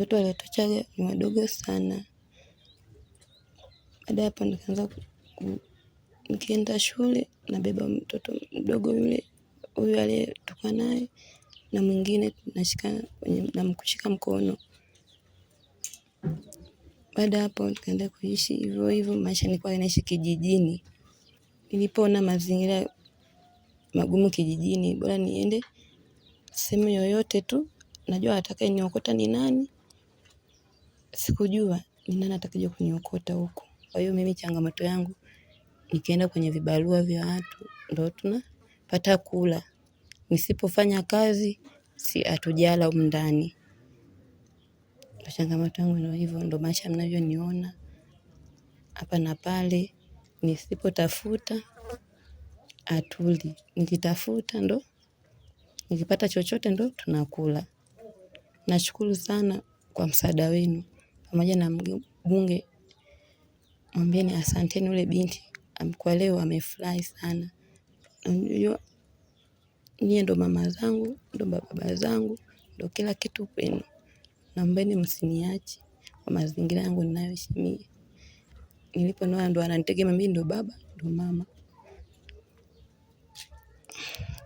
watoto waliotochaga ni wadogo sana. Baada ya hapo nikaanza nikienda shule nabeba mtoto mdogo yule huyu aliyetoka naye na mwingine tunashikana namkushika mkono. Baada ya hapo nikaenda kuishi hivyo hivyo maisha, nilikuwa naishi kijijini. Nilipoona mazingira magumu kijijini, bora niende sehemu yoyote tu, najua atakaye niokota ni nani, sikujua ni nani atakaye kuniokota huko. Kwa hiyo mimi changamoto yangu nikienda kwenye vibarua vya watu ndo tunapata kula, nisipofanya kazi si hatujala humu ndani. Ndo changamoto yangu ndo hivyo, ndo maisha mnavyoniona hapa na pale. Nisipotafuta atuli nikitafuta ndo nikipata chochote ndo tunakula. Nashukuru sana kwa msaada wenu pamoja na mbunge, mwambieni asanteni, ule binti kwa leo amefurahi sana. Unajua nyie ndo mama zangu, ndo baba zangu, ndo kila kitu kwenu. Naombeni msiniache kwa mazingira yangu ninayoishi mimi. Niliponoa ndo ananitegemea mimi, ndo baba ndo mama.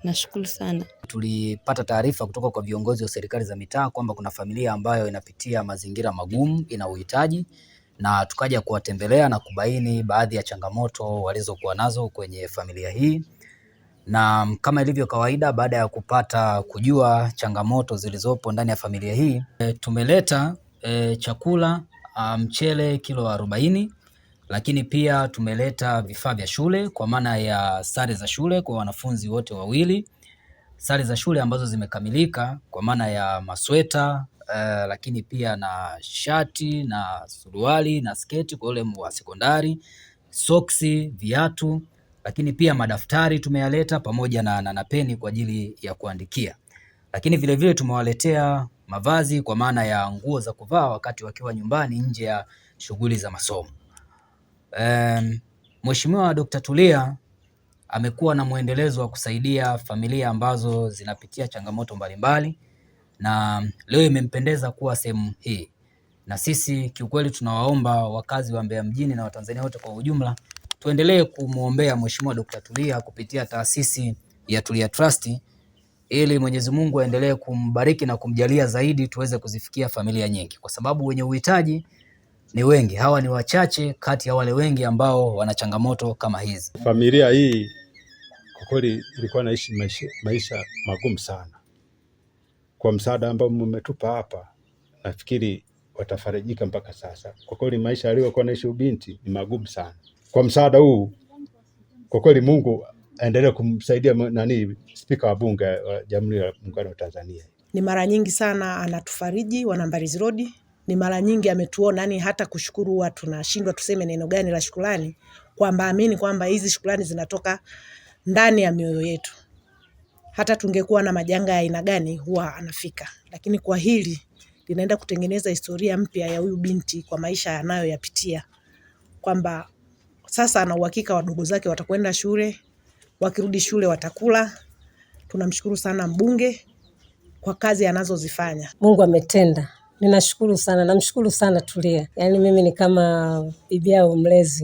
Nashukuru sana. Tulipata taarifa kutoka kwa viongozi wa serikali za mitaa kwamba kuna familia ambayo inapitia mazingira magumu, ina uhitaji, na tukaja kuwatembelea na kubaini baadhi ya changamoto walizokuwa nazo kwenye familia hii, na kama ilivyo kawaida, baada ya kupata kujua changamoto zilizopo ndani ya familia hii e, tumeleta e, chakula ah, mchele kilo arobaini lakini pia tumeleta vifaa vya shule kwa maana ya sare za shule kwa wanafunzi wote wawili, sare za shule ambazo zimekamilika kwa maana ya masweta Uh, lakini pia na shati na suruali na sketi kwa ule wa sekondari, soksi, viatu, lakini pia madaftari tumeyaleta pamoja na, na, na peni kwa ajili ya kuandikia, lakini vilevile tumewaletea mavazi kwa maana ya nguo za kuvaa wakati wakiwa nyumbani nje ya shughuli za masomo. Um, Mheshimiwa Dr. Tulia amekuwa na mwendelezo wa kusaidia familia ambazo zinapitia changamoto mbalimbali na leo imempendeza kuwa sehemu hii, na sisi kiukweli tunawaomba wakazi wa Mbeya mjini na Watanzania wote kwa ujumla tuendelee kumwombea Mheshimiwa Dr. Tulia kupitia taasisi ya Tulia Trust ili Mwenyezi Mungu aendelee kumbariki na kumjalia zaidi tuweze kuzifikia familia nyingi, kwa sababu wenye uhitaji ni wengi, hawa ni wachache kati ya wale wengi ambao wana changamoto kama hizi. Familia hii kwa kweli ilikuwa naishi maisha, maisha magumu sana. Kwa msaada ambao mmetupa hapa, nafikiri watafarijika mpaka sasa. Kwa kweli maisha aliyokuwa naishi ubinti ni magumu sana. Kwa msaada huu, kwa kweli Mungu aendelee kumsaidia nani, Spika wa Bunge wa Jamhuri ya Muungano wa Tanzania. Ni mara nyingi sana anatufariji wanambarizi rodi ni mara nyingi ametuona yani hata kushukuru huwa tunashindwa tuseme neno gani la shukrani, kwamba amini kwamba hizi shukrani zinatoka ndani ya mioyo yetu. Hata tungekuwa na majanga ya aina gani huwa anafika, lakini kwa hili linaenda kutengeneza historia mpya ya huyu binti kwa maisha anayoyapitia, kwamba sasa ana uhakika wadogo zake watakwenda shule, wakirudi shule watakula. Tunamshukuru sana mbunge kwa kazi anazozifanya. Mungu ametenda. Ninashukuru sana, namshukuru sana Tulia, yaani mimi ni kama bibi yao mlezi.